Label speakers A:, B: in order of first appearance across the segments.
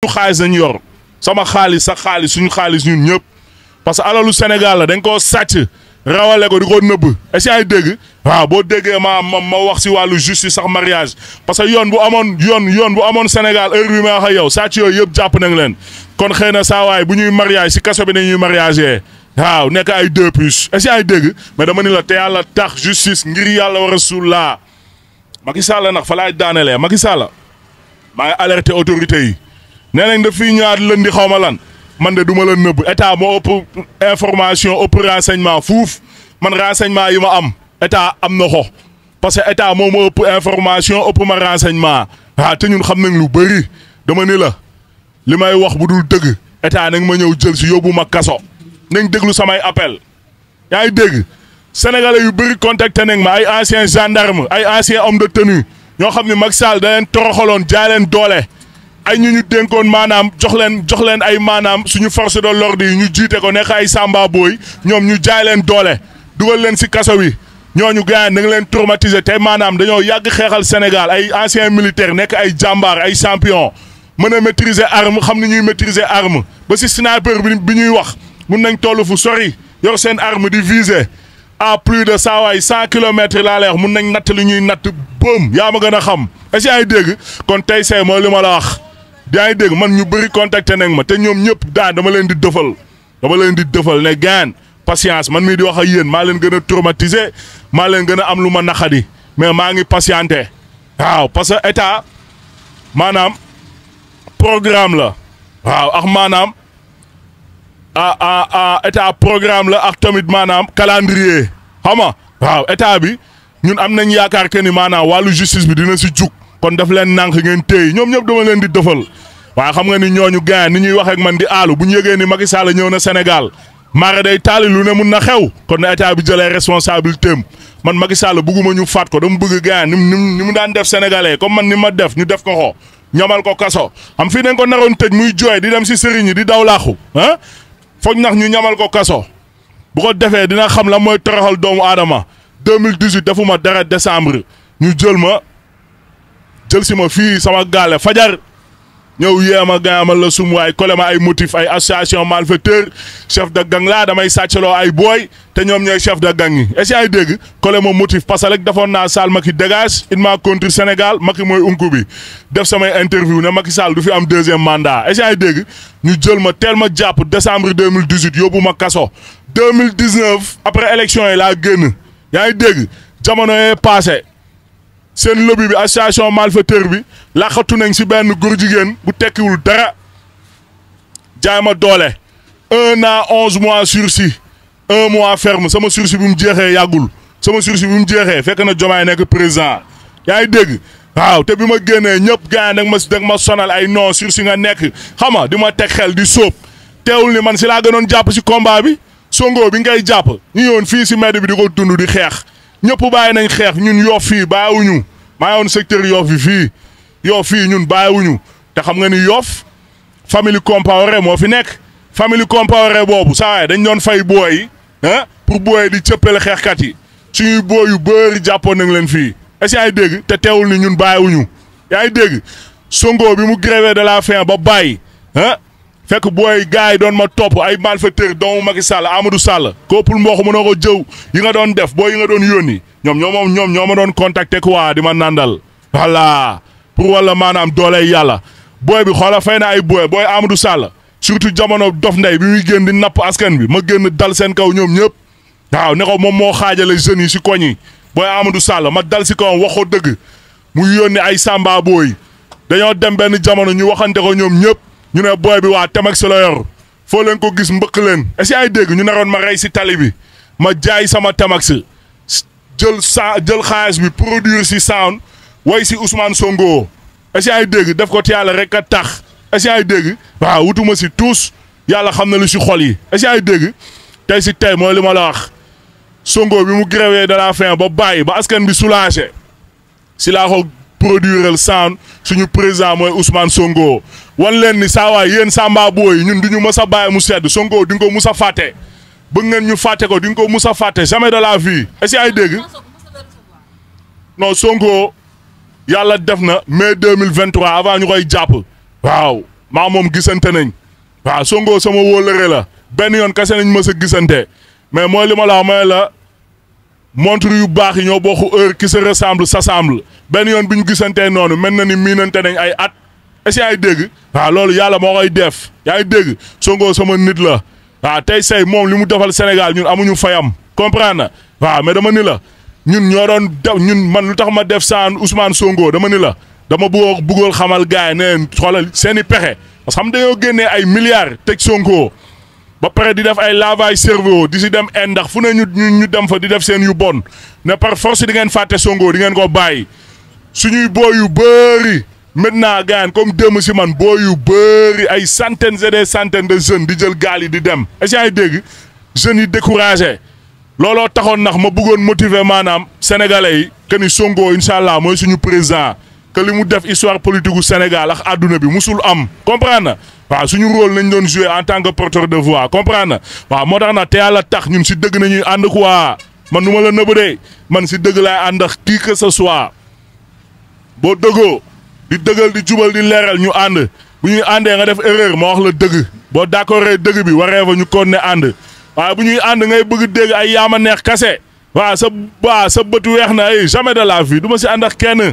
A: suñu xaalis lañ yor sama xaalis sa xaalis suñu xaalis ñun ñëpp parce que alalu Sénégal la dañ koo sàcc rawale ko di ko nëbb est ce ay dégg waaw boo déggee ma ma wax si wàllu justice sax mariage parce que yoon bu amoon yoon yoon bu amoon Sénégal heure ma wax ak yow sàcc yooyu yëpp jàpp nañ leen kon xëy na saa waay bu ñuy mariage si kaso bi ne ñuy mariage waaw nekk ay deux puces est ce ay dégg mais dama ni la te yàlla tax justice ngir yàlla war a suul laa Macky Sall nax fa laay daanelee Macky Sall maa alerté autorité yi. nee nañ daf fiy ñëwaat lëndi xaw ma lan man de duma ma la nëbb état moo ëpp information ëpp renseignement fuuf man renseignement yi ma am état am na ko parce que état moom moo ëpp information ëpp ma renseignement ah te ñun xam nañ lu bëri dama ni la li may wax bu dul dëgg état nag ma ñëw jël si yóbbu ma kaso nañ déglu samay appel yaa ngi dégg sénégalais yu bëri contacté nañ ma ay anciens gendarmes ay anciens hommes de tenue ñoo xam ne mag Sall da leen toroxaloon jaay leen doole. ay ñu ñu dénkoon maanaam jox leen jox leen ay maanaam suñu force de l'ordre ñu jiite ko nekk ay samba booy ñoom ñu jaay leen doole dugal leen si kaso wi ñooñu gars yi na leen traumatiser te maanaam dañoo yàgg xeexal Sénégal ay anciens militaires nekk ay jàmbaar ay champion mën a maîtriser arme xam ni ñuy maîtriser arme ba si sniper bi bi ñuy wax mun nañ toll fu sori yor seen arme di viser à plus de saawaay cent kilomètres laa lay mun nañ natt lu ñuy natt boom yaa ma gën a xam est-ce kon tey see mooy li ma la wax. yaa ngi dégg man ñu bëri contacté nañ ma te ñoom ñëpp daan dama leen di dëfal dama leen di dëfal ne gaan patience man mi di wax a yéen maa leen gën a traumatisé maa leen gën a am lu ma naqadi mais maa ngi patienté waaw parce que état maanaam programme la waaw ak maanaam a état programme la ak tamit maanaam calendrier xam nga waaw état bi ñun am nañ yaakaar que ni maanaam wàllu justice bi dina si jug kon daf leen nànk ngeen téy ñoom ñëpp dama leen di dëfal waaye xam nga ni ñooñu gaay ni ñuy wax ak man di alu bu ñëgé ni Macky Sall ñëw na Sénégal mara day tali lu ne mun na xew kon état bi jëlé responsabilité man Macky Sall bugguma ñu faat ko dama bëgg gaay ni ni mu daan def sénégalais comme man ni ma def ñu def ko ko ñomal ko kasso am fi dañ ko naroon tej muy joy di dem si sëriñ di daw laaxu ah foog nax ñu ñamal ko kasso bu ko defee dina xam la moy toroxal doomu adama 2018 defuma dara décembre ñu jël ma jël ci ma fii sama galé fajar ñëw yéem a gaamal la sum waay kole ma ay motif ay association malfaiteur chef de gang laa damay sàccaloo ay booy te ñoom ñooy chef de gang yi est ay dégg kole ma motif parce que rek defoon naa Sall Macky dégage il m'a contre Sénégal Macky mooy unku bi def samay interview ne Macky saal du fi am deuxième mandat est ay dégg ñu jël ma teel ma jàpp décembre 2018 yóbbu ma kaso 2019 après élection yi laa génn yaa ngi dégg jamono yee passé seen lobby bi association malfaiteur bi laqatu nañ si benn góor jigéen bu tekkiwul dara jaay ma doole en an onze mois sursis un mois ferme sama sursis bi mu jeexee yàggul sama sursis bi mu jeexee fekk na Diomaye nekk président yaa ngi dégg waaw te bi ma génnee ñëpp gars yi ma da ma sonal ay non sursis nga nekk xam nga di ma teg xel di sóob teewul ni man si laa gënoon jàpp si combat bi Sonko bi ngay jàpp ñu yoon fii si mbedd bi di ko dund di xeex. ñëpp bàyyi nañ xeex ñun yoo fii bàyyiwuñu maa yoon secteur yoof yi fii yoo fii ñun bàyyiwuñu te xam nga ni yoof famille Compaoré moo fi nekk famille Compaoré boobu saa dañ doon fay booy ah pour booy di cëppale xeexkat yi ci booy yu bëri jàppoon nañ leen fii est-ce que dégg te teewul ni ñun bàyyiwuñu yaa ngi dégg Sonko bi mu grévé de la faim ba bàyyi fekk booy gars yi doon ma topp ay malfaiteur doomu Macky Sall Amadou Sall koppul koo mënoo ko jëw yi nga doon def booy yi nga doon yónni ñoom ñoo moom ñoom ñoo ma doon contacter quoi di ma nandal voilà pour wala maanaam doole dooley yàlla booy bi xoola fay na ay booy booy Amadou Sall surtout jamono dof ndey bi muy génn di napp askan bi ma génn dal seen kaw ñoom ñëpp waaw ne ko moom moo xaajale jeunes yi si koñ yi booy Amadou Sall ma dal si kawam waxoo dëgg mu yónni ay Samba booy dañoo dem benn jamono ñu waxante ko ñoom ñëpp. ñu ne booy bi waa Temax la yor foo leen ko gis mbëq leen est-ce que ay dégg ñu naroon ma rey si tali bi ma jaay sama Temax jël sa jël xaalis bi produire si sound way si Ousmane songoo est-ce ay dégg def ko te yàlla rek a tax est-ce ay dégg waa wutuma si tous yàlla xam na lu si xol yi est-ce ay dégg tey si tey mooy li ma la wax Sonko bi mu gréwee de la fin ba bàyyi ba askan bi soulagé produiral sound suñu président mooy Ousmane songoo wan leen ni saa waay yéen Samba Boy ñun du ñu mës a bàyyi mu sedd Sonko di nga ko mus a fàtte bëgg ngeen ñu fàtte ko di ko mus a fàtte jamais de la vie est-ce que ay dégg non Sonko yàlla def na mai 2023 avant ñu koy jàpp waaw maa moom gisante nañ waaw Sonko sama wóolëre la benn yoon kese nañ mës a gisante mais mooy li ma mooy la. montre yu baax yi ñoo bokk heure qui se ressemble s'assemble benn yoon bi ñu gisantee noonu mel na ni miinante nañ ay at est-ce ay dégg waa loolu yàlla moo koy def yaa ngi dégg Sonko sama nit la waaw tey say moom li mu defal Sénégal ñun amuñu fayam comprendre na waaw mais dama ni la ñun ñoo doon def ñun man lu tax ma def saan Ousmane Sonko dama ni la dama bëggoon bëggoon xamal gars yi ne xoolal seen i pexe parce que xam dañoo génnee ay milliards teg Sonko ba pare di def ay lavage cerveau di si dem en ndax fu ne ñu ñu dem fa di def seen yu bon ne par force di ngeen fàtte Sonko di ngeen ko bàyyi suñuy boo yu bëri maintenant gaan comme démb si man boo yu bëri ay centaines et des centaines de jeunes di jël gaal yi di dem est-ce que dégg jeunes yi découragé looloo taxoon nax ma bëggoon motiver maanaam sénégalais yi que ni Sonko incha allah mooy suñu président. te limu def histoire politique gu Sénégal ak aduna bi musul am comprendre wa suñu rôle lañ doon jouer en tant que porteur de voix comprendre wa motax na té ala tax ñun si dëgg nañu and quoi man numa la nëbëdee man si dëgg la and ak kii que ce soit bo dëggo di dëggal di jubal di léral ñu and bu ñuy andé nga def erreur mo wax la dëgg bo d'accordé dëgg bi waré fa ñu kon ne wa bu ñuy and ngay bëgg dégg ay yama neex kase wa sa ba sa bët wéx na ay eh, jamais de la vie duma ci si ak kenn.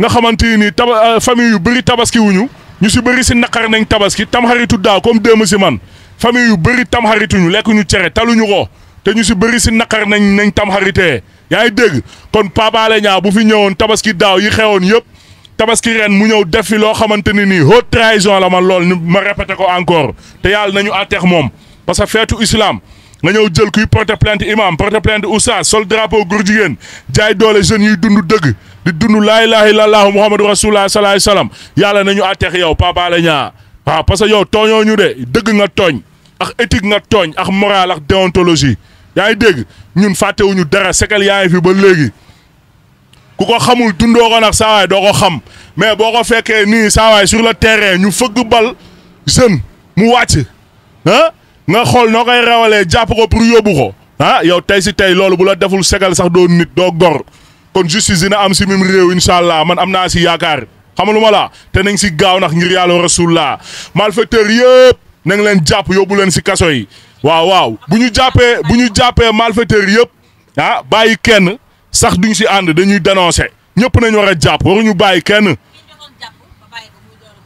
A: nga xamante nii taba euh, famille yu bëri tabaski wuñu ñu si bëri si naqar nañ tabaski tamxaritu daaw comme démb si man famille yu bëri tamxarituñu lekk ñu cere taluñu ko te ñu si bëri si naqar nañ nañ tamxaritee yaa ngi dégg kon pabaale ñaa bu fi ñëwoon tabaski daaw yi xewoon yëpp tabaski ren mu ñëw def fi loo xamante ni nii haute trahison la man lool ma répété ko encore te yàlla nañu àtteex moom parce que feetu islam nga ñëw jël kuy porter plainte imam porter plainte oustaz sol drapeau jigéen jaay doole jeunes yuy dund dëgg di dund laa la illallaah muhammadu rasulullah sallallahu alayhi wasallam yàlla nañu àtteex yow Papa Alé Niang waaw parce que yow tooñoo ñu de dëgg nga tooñ ax éthique nga tooñ ak morale ak déontologie yaa ngi dégg ñun fàttewuñu dara segal yaa fi ba léegi ku ko xamul dundoo ko saawaay doo ko xam mais boo ko fekkee nii saawaay sur le terrain ñu fëgg bal jeune mu wàcc ah nga xool noo koy rawalee jàpp ko pour yóbbu ko ah yow tey si tey loolu bu la deful segal sax doo nit doo gor kon justice dina am si mim réew incha allah man am naa si yaakaar xam xamalu ma la te nañ si gaaw nax ngir yàlla rasulullah malfaiteur yëpp na nga leen jàpp yóbbu leen si kaso yi waaw waaw bu ñu jàppee bu ñu jàppee malfaiteur yëpp ah bàyyi kenn sax duñu si ànd dañuy dénoncer ñëpp nañ war a jàpp waruñu bàyyi kenn.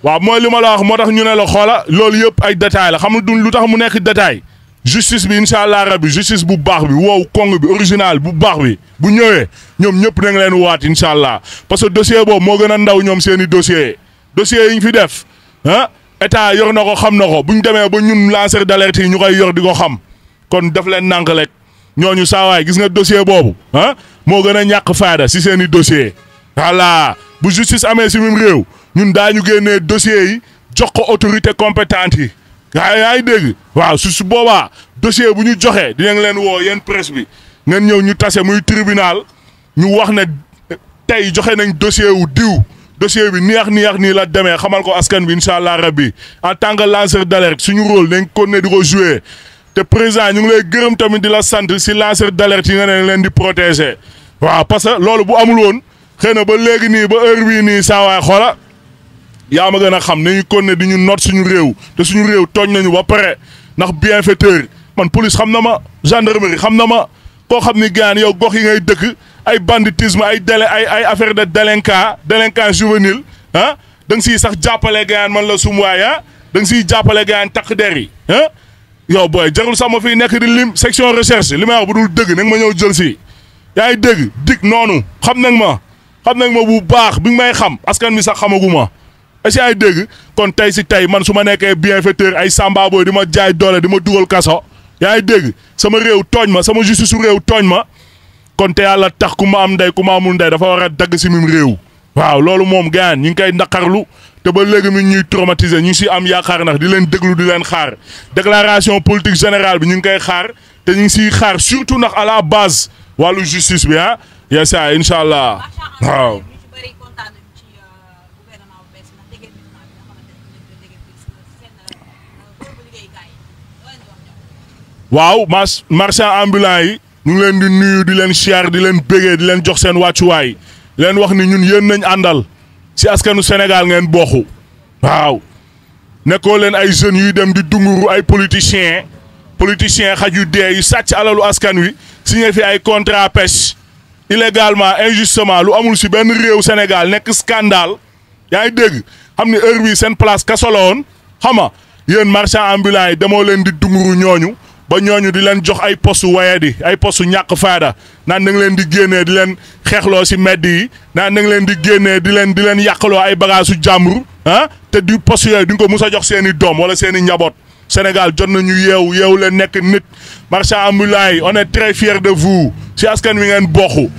A: waaw mooy li ma la wax moo tax ñu ne la xoola loolu yëpp ay détails la xam duñ lu tax mu nekk détail justice bi incha allah rabi justice bu baax bi wow kong bi original bu baax bi bu ñëwee ñoom ñëpp na nga leen waat incha allah parce que dossier boobu moo gën a ndaw ñoom seeni i dossiers dossiers yi ñu fi def ah état yor na ko xam na ko bu ñu demee ba ñun lanceur d' alerte yi ñu koy yor di ko xam kon def leen nànk rek ñooñu saawaay gis nga dossier boobu ah moo gën a ñàkk faada si seen i dossiers voilà bu justice amee si même réew ñun daañu génnee dossiers yi jox ko autorité compétente yi. yaa yaa ngi dégg waaw su su boobaa dossier bu ñu joxee dinañ leen woo yéen presse bi ngeen ñëw ñu tase muy tribunal ñu wax ne tey joxe nañ dossier wu diw dossier bi neex neex nii la demee xamal ko askan bi incha allah rabbi en tant que lanceur d'alerte suñu rôle nañ ko ne di ko jouer te présent ñu ngi lay gërëm tamit di la sant si lanceur d'alerte yi nga ne leen di protéger waaw parce que loolu bu amul woon xëy ba léegi nii ba heure bii nii saa waay xoola yaa ma gën a xam ñu kon ne di ñu noot suñu réew te suñu réew tooñ nañu ba pare ndax bien bienfaiteur man police xam na ma gendarmerie xam na ma koo xam ni gaan yow gox yi ngay dëkk ay banditisme ay délai ay ay affaire de délinquant délinquant juvénile ah da siy sax jàppale gaan man la sum waay danga ah, da siy jàppale gaan takk der yi ah yow booy jarul sax ma fii nekk di lim section recherche li may wax bu dul dëgg nag ma ñëw jël si yaa ngi dégg dig noonu xam nag ma xam nag ma baax bi may xam askan mi sax xamagu ma est ay deug kon tay si tay man suma nekké bienfaiteur ay samba boy dima jaay doole dima ma kasso kaso deug sama rew togn ma sama justice su réew tooñ ma kon te yàlla tax ku ma am nday ku ma amul nday dafa wara dag ci si mim rew waaw loolu mom gaan ñing kay ndakarlu te ba léegi mi ñuy traumatiser ñu ci si am yaakar nak di leen deglu di leen xaar déclaration politique générale bi ñing kay xaar te ñing ci xaar surtout nak à la base walu justice bi ha ah. yes ah, incha allah waaw Wow, mas marchand ambulant yi ñu ngi leen di nuyu di leen siyaar di leen bégee di leen jox seen wàccuwaay leen wax ni ñun yéen nañ àndal si askanu Sénégal ngeen bokku waaw nekkoo leen ay jeune yuy dem di dunguru ay politiciens politiciens xaj yu dee yu sàcc alalu askan wi signé fi ay contrat pêche illégalement injustement lu amul si benn réew Senegal, nekk scandale yaay ngi dégg xam ne heure bii seen place kaso la woon xam marchand ambulant yi leen di dunguru ñooñu ba ñooñu di leen jox ay postu wayadi ay postu ñàkk faada naan da leen di génnee di leen xeexloo si medd yi naan da leen di génnee di leen di leen yàqaloo ay bagage su jàmbur ah te du postu yooyu duñ ko mus a jox seeni doom wala seeni njaboot Sénégal jot nañu yeewu yeewu leen nekk nit marchand ambulant yi on est très fier de vous ci askan wi ngeen bokk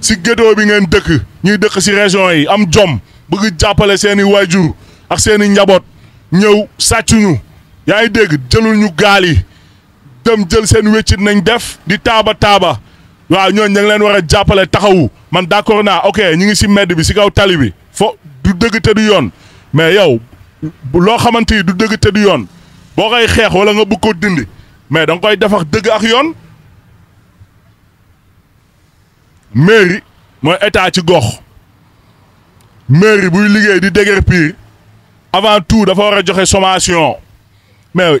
A: si ghetto bi ngeen dëkk ñuy dëkk si région yi am jom bëgg jàppale seen i waajur ak seen i njaboot ñëw sàccuñu yaa ngi dégg jëluñu gaal yi dem jël seen wéccit nañ def di taaba taaba waaw ñooñu ñu ngi leen war a jàppale taxawu man d'accord naa ok ñu ngi si medd bi si kaw tali bi fo du dëgg te du yoon mais yow loo xamante ni du dëgg te du yoon boo koy xeex wala nga bëgg ko dindi mais da nga koy defax dëgg ak yoon mairie mooy état ci gox mairie buy liggéey di déguerpir avant tout dafa war a joxe sommation mais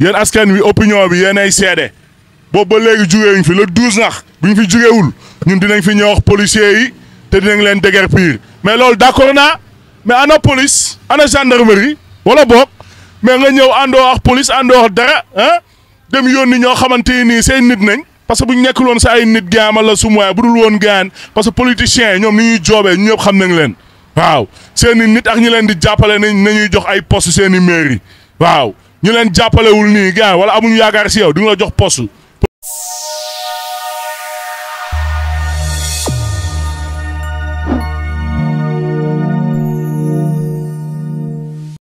A: yéen askan wi opinion bi yéen ay seede boobu ba léegi jugee ñu fi le douze nax bu ñu fi jugewul ñun dinañ fi ñëw wax policiers yi te dinañ leen déguerpir mais loolu d'accord naa mais ana police ana gendarmerie wala boog mais nga ñëw àndoo wax police àndoo wax dara ah dem yónni ñoo xamante nii say nit nañ parce que bu ñu nekkul woon sa ay nit gaamal la su moyen bu dul woon gaan parce que yi ñoom ni ñuy joobee ñu ñëpp xam nañ leen waaw seen i nit ak ñu leen di jàppale nañ nañuy jox ay poste seen i mairie waaw ñu leen jàppalewul nii gars wala amuñu yaakaar si yow di nga la jox poste